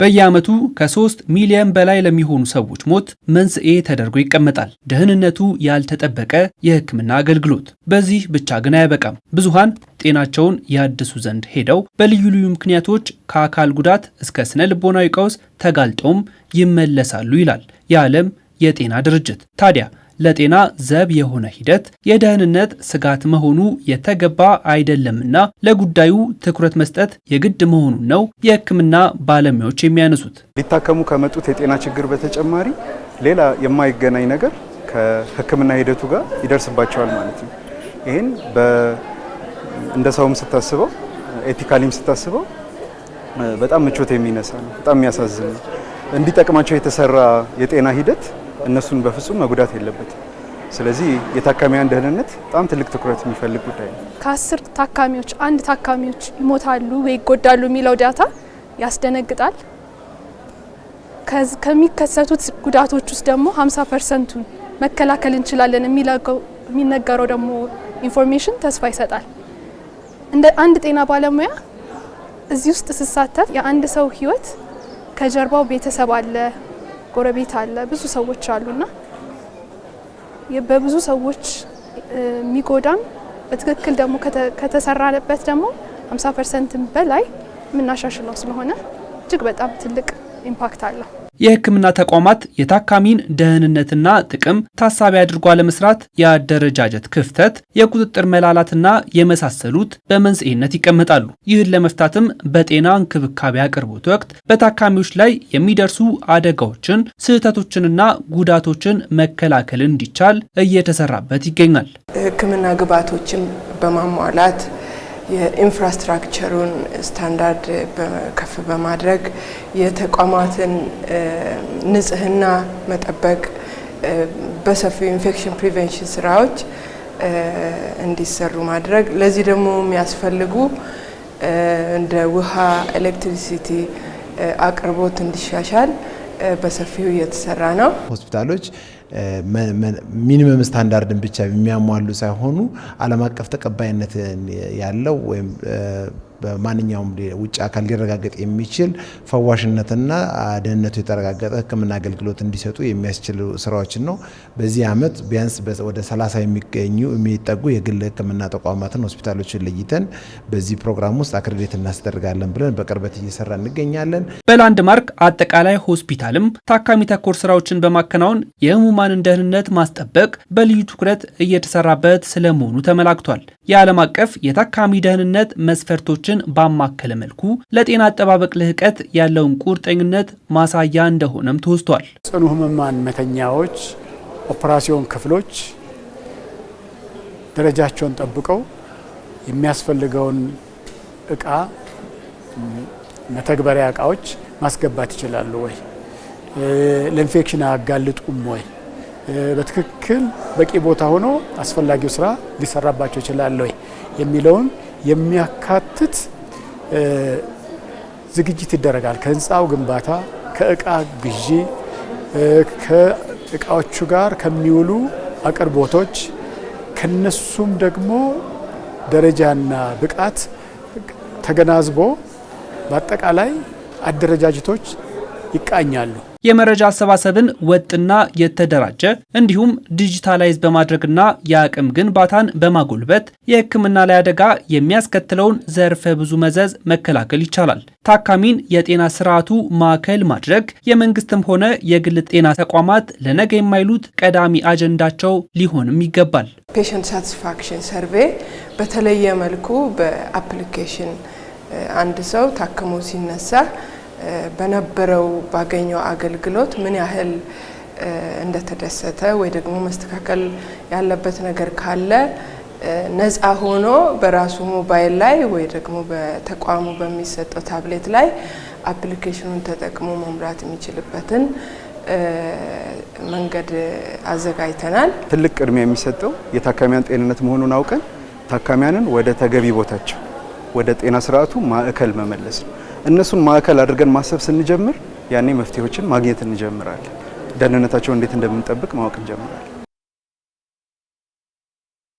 በየዓመቱ ከ3 ሚሊዮን በላይ ለሚሆኑ ሰዎች ሞት መንስኤ ተደርጎ ይቀመጣል ደህንነቱ ያልተጠበቀ የሕክምና አገልግሎት። በዚህ ብቻ ግን አያበቃም። ብዙሃን ጤናቸውን ያድሱ ዘንድ ሄደው በልዩ ልዩ ምክንያቶች ከአካል ጉዳት እስከ ስነ ልቦናዊ ቀውስ ተጋልጠውም ይመለሳሉ ይላል የዓለም የጤና ድርጅት። ታዲያ ለጤና ዘብ የሆነ ሂደት የደህንነት ስጋት መሆኑ የተገባ አይደለምና ለጉዳዩ ትኩረት መስጠት የግድ መሆኑን ነው የሕክምና ባለሙያዎች የሚያነሱት። ሊታከሙ ከመጡት የጤና ችግር በተጨማሪ ሌላ የማይገናኝ ነገር ከሕክምና ሂደቱ ጋር ይደርስባቸዋል ማለት ነው። ይህን እንደ ሰውም ስታስበው ኤቲካሊም ስታስበው በጣም ምቾት የሚነሳ ነው። በጣም የሚያሳዝን ነው። እንዲጠቅማቸው የተሰራ የጤና ሂደት እነሱን በፍጹም መጉዳት የለበትም። ስለዚህ የታካሚያን ደህንነት በጣም ትልቅ ትኩረት የሚፈልግ ጉዳይ ነው። ከአስር ታካሚዎች አንድ ታካሚዎች ይሞታሉ ወይ ይጎዳሉ የሚለው ዳታ ያስደነግጣል። ከሚከሰቱት ጉዳቶች ውስጥ ደግሞ 50 ፐርሰንቱን መከላከል እንችላለን የሚነገረው ደግሞ ኢንፎርሜሽን ተስፋ ይሰጣል። እንደ አንድ ጤና ባለሙያ እዚህ ውስጥ ስሳተፍ የአንድ ሰው ህይወት ከጀርባው ቤተሰብ አለ፣ ጎረቤት አለ፣ ብዙ ሰዎች አሉና በብዙ ሰዎች የሚጎዳም በትክክል ደግሞ ከተሰራበት ደግሞ 50 ፐርሰንት በላይ የምናሻሽለው ስለሆነ እጅግ በጣም ትልቅ ኢምፓክት አለው። የህክምና ተቋማት የታካሚን ደህንነትና ጥቅም ታሳቢ አድርጎ ለመስራት የአደረጃጀት ክፍተት፣ የቁጥጥር መላላትና የመሳሰሉት በመንስኤነት ይቀመጣሉ። ይህን ለመፍታትም በጤና እንክብካቤ አቅርቦት ወቅት በታካሚዎች ላይ የሚደርሱ አደጋዎችን፣ ስህተቶችንና ጉዳቶችን መከላከል እንዲቻል እየተሰራበት ይገኛል። ህክምና ግብዓቶችን በማሟላት የኢንፍራስትራክቸሩን ስታንዳርድ ከፍ በማድረግ የተቋማትን ንጽህና መጠበቅ በሰፊው ኢንፌክሽን ፕሪቨንሽን ስራዎች እንዲሰሩ ማድረግ ለዚህ ደግሞ የሚያስፈልጉ እንደ ውሃ፣ ኤሌክትሪሲቲ አቅርቦት እንዲሻሻል በሰፊው እየተሰራ ነው። ሆስፒታሎች ሚኒመም ስታንዳርድን ብቻ የሚያሟሉ ሳይሆኑ ዓለም አቀፍ ተቀባይነት ያለው ወይም በማንኛውም ውጭ አካል ሊረጋገጥ የሚችል ፈዋሽነትና ደህንነቱ የተረጋገጠ ሕክምና አገልግሎት እንዲሰጡ የሚያስችሉ ስራዎችን ነው። በዚህ አመት ቢያንስ ወደ 30 የሚገኙ የሚጠጉ የግል ሕክምና ተቋማትን ሆስፒታሎችን ለይተን በዚህ ፕሮግራም ውስጥ አክሬዴት እናስደርጋለን ብለን በቅርበት እየሰራ እንገኛለን። በላንድማርክ አጠቃላይ ሆስፒታልም ታካሚ ተኮር ስራዎችን በማከናወን የህሙ የህሙማንን ደህንነት ማስጠበቅ በልዩ ትኩረት እየተሰራበት ስለመሆኑ ተመላክቷል። የዓለም አቀፍ የታካሚ ደህንነት መስፈርቶችን ባማከለ መልኩ ለጤና አጠባበቅ ልህቀት ያለውን ቁርጠኝነት ማሳያ እንደሆነም ተወስቷል። ጽኑ ህሙማን መተኛዎች፣ ኦፕራሲዮን ክፍሎች ደረጃቸውን ጠብቀው የሚያስፈልገውን እቃ መተግበሪያ እቃዎች ማስገባት ይችላሉ ወይ? ለኢንፌክሽን አያጋልጡም ወይ? በትክክል በቂ ቦታ ሆኖ አስፈላጊው ስራ ሊሰራባቸው ይችላል ወይ የሚለውን የሚያካትት ዝግጅት ይደረጋል። ከህንፃው ግንባታ፣ ከእቃ ግዢ፣ ከእቃዎቹ ጋር ከሚውሉ አቅርቦቶች ከነሱም ደግሞ ደረጃና ብቃት ተገናዝቦ በአጠቃላይ አደረጃጀቶች ይቃኛሉ። የመረጃ አሰባሰብን ወጥና የተደራጀ እንዲሁም ዲጂታላይዝ በማድረግና የአቅም ግንባታን በማጎልበት የሕክምና ላይ አደጋ የሚያስከትለውን ዘርፈ ብዙ መዘዝ መከላከል ይቻላል። ታካሚን የጤና ስርዓቱ ማዕከል ማድረግ የመንግስትም ሆነ የግል ጤና ተቋማት ለነገ የማይሉት ቀዳሚ አጀንዳቸው ሊሆንም ይገባል። ፔሸንት ሳቲስፋክሽን ሰርቬ በተለየ መልኩ በአፕሊኬሽን አንድ ሰው ታክሞ ሲነሳ በነበረው ባገኘው አገልግሎት ምን ያህል እንደተደሰተ ወይ ደግሞ መስተካከል ያለበት ነገር ካለ ነፃ ሆኖ በራሱ ሞባይል ላይ ወይ ደግሞ በተቋሙ በሚሰጠው ታብሌት ላይ አፕሊኬሽኑን ተጠቅሞ መምራት የሚችልበትን መንገድ አዘጋጅተናል። ትልቅ ቅድሚያ የሚሰጠው የታካሚያን ጤንነት መሆኑን አውቀን ታካሚያንን ወደ ተገቢ ቦታቸው ወደ ጤና ስርዓቱ ማዕከል መመለስ ነው። እነሱን ማዕከል አድርገን ማሰብ ስንጀምር ያኔ መፍትሄዎችን ማግኘት እንጀምራለን። ደህንነታቸው እንዴት እንደምንጠብቅ ማወቅ እንጀምራለን።